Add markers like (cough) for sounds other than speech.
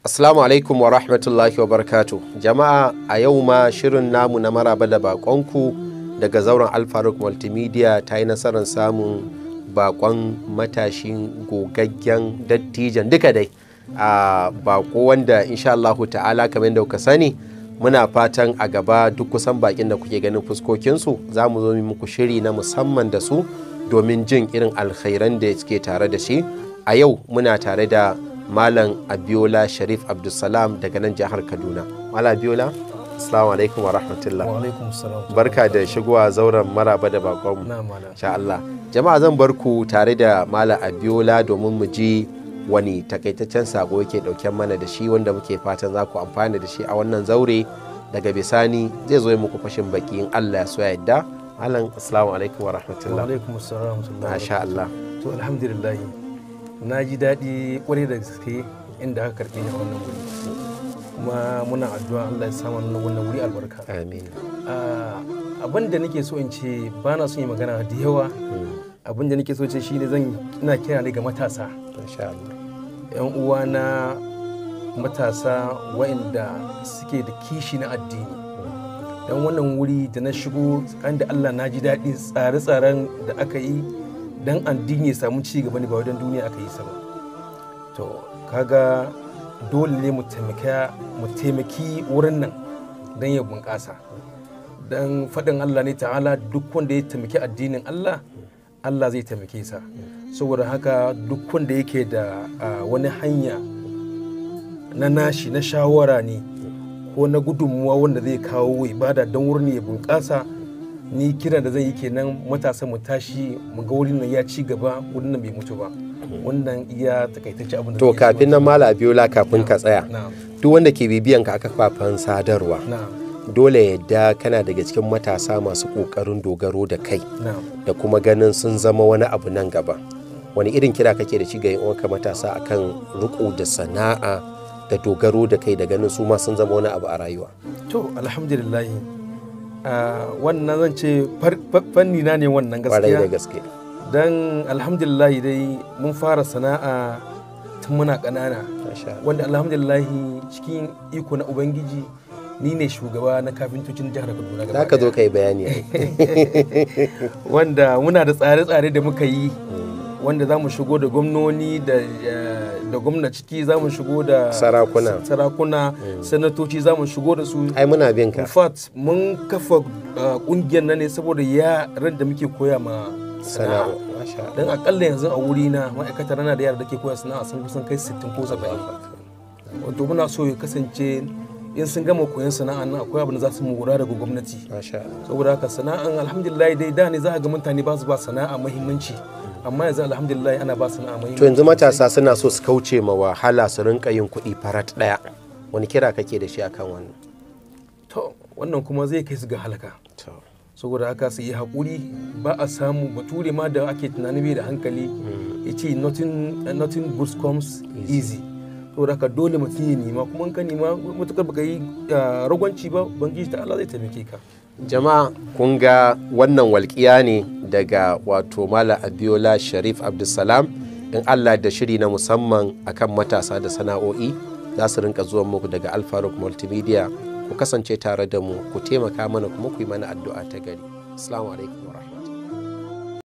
Assalamu alaikum wa rahmatullahi wa barakatu. Jama'a a yau ma shirin namu na maraba da bakonku daga zauren Alfaruk Multimedia ta yi nasarar samun bakon matashin gogaggen dattijan duka dai. A bako wanda insha Allahu ta'ala kamar da kuka sani muna fatan a gaba duk kusan bakin da kuke ganin fuskokinsu za mu zo muku shiri na musamman da su domin jin irin alkhairan da suke tare da shi. A yau muna tare da malam abiola sharif abdulsalam daga nan jihar kaduna malam abiola assalamu alaikum wa rahmatullah barka da shigowa zauren maraba da mu. sha Allah jama'a zan bar ku tare da malam abiola domin mu ji wani takaitaccen sako yake dauken mana da shi wanda muke fatan za ku amfana da shi a wannan zaure daga bisani zai zo muku fashin baki in Allah ya so ya yadda Malam assalamu alaikum wa rahmatullah wa alaikum assalam wa masha Allah to alhamdulillah na ji daɗi ƙwarai da gaske inda aka karɓi ni a wannan wuri kuma muna addu'a Allah ya samu nuna wannan wuri albarka amin ah, abin da nake so in ce ba na son yi magana da yawa hmm. abin da nake so ce shi ne zan ina kira ne ga matasa insha yan uwa na matasa waɗanda suke da kishi na addini dan wannan wuri da na shigo tsakanin da Allah na ji daɗi tsare-tsaren da aka yi dan addini ya samu ci gaba ne ba wajen duniya aka yi sa ba to kaga dole ne mu taimaki wurin nan don ya bunƙasa dan faɗin Allah ne ta'ala duk wanda ya taimaki addinin Allah Allah zai taimake sa saboda haka duk wanda yake da wani hanya na nashi na shawara ne ko na gudunmuwa wanda zai kawo ibada don wurin ya bunƙasa ni kira da zai yi kenan matasa mu tashi mu ga wurin nan ya ci gaba wurin nan bai mutu ba wannan iya takaitacce abin da to kafin nan mala biola kafin ka tsaya duk wanda ke bibiyan ka aka sadarwa dole yadda kana daga cikin matasa masu kokarin dogaro da kai da kuma ganin sun zama wani abu nan gaba wani irin kira kake da shi ga wanka matasa akan riko da sana'a da dogaro da kai da ganin su ma sun zama wani abu a rayuwa to alhamdulillah wannan zan ce fanni na ne wannan gaskiya don alhamdulillah dai mun fara sana'a tun muna ƙanana wanda alhamdulillah cikin iko na ubangiji ni ne shugaba na kafintocin jihar kaduna gaba ka zo ka yi bayani (laughs) wanda muna da tsare-tsare da muka yi mm. wanda za mu shigo da gwamnoni da eh, gwamna ciki za mu shigo da sarakuna sarakuna mm. sanatoci za mu shigo da su ai muna bin ka fat mun kafa kungiyar eh, nan ne saboda yaran da muke koya ma sana'a don akalla yanzu a wuri na ma'aikatar rana da yara da ke koya sana'a sun kusan kai 60 ko 70 wato muna so ya kasance in sun gama koyon sana'a nan akwai abin da za su mura daga gwamnati saboda haka sana'an alhamdulillah dai da ne za a ga mutane ba su ba sana'a muhimmanci amma yanzu alhamdulillah ana ba su na'amai to yanzu matasa suna so su kauce ma wahala su rinka yin kuɗi farat ɗaya wani kira kake da shi akan wannan to wannan kuma zai kai su ga halaka saboda haka su yi haƙuri ba a samu bature ma da ake tunanin bai da hankali hmm. ya ce nothing good comes easy saboda haka dole mutum ya nema kuma in ka nema matukar baka yi ah, ragwanci ba bangiji ta Allah zai taimake ka jama'a kun ga wannan walƙiya ne daga wato mala abiola sharif abdulsalam in allah da shiri na musamman a kan matasa da sana'o'i za su rinka zuwan muku daga alfaruk multimedia ku kasance tare da mu ku taimaka mana kuma ku yi mana addu'a ta gari assalamu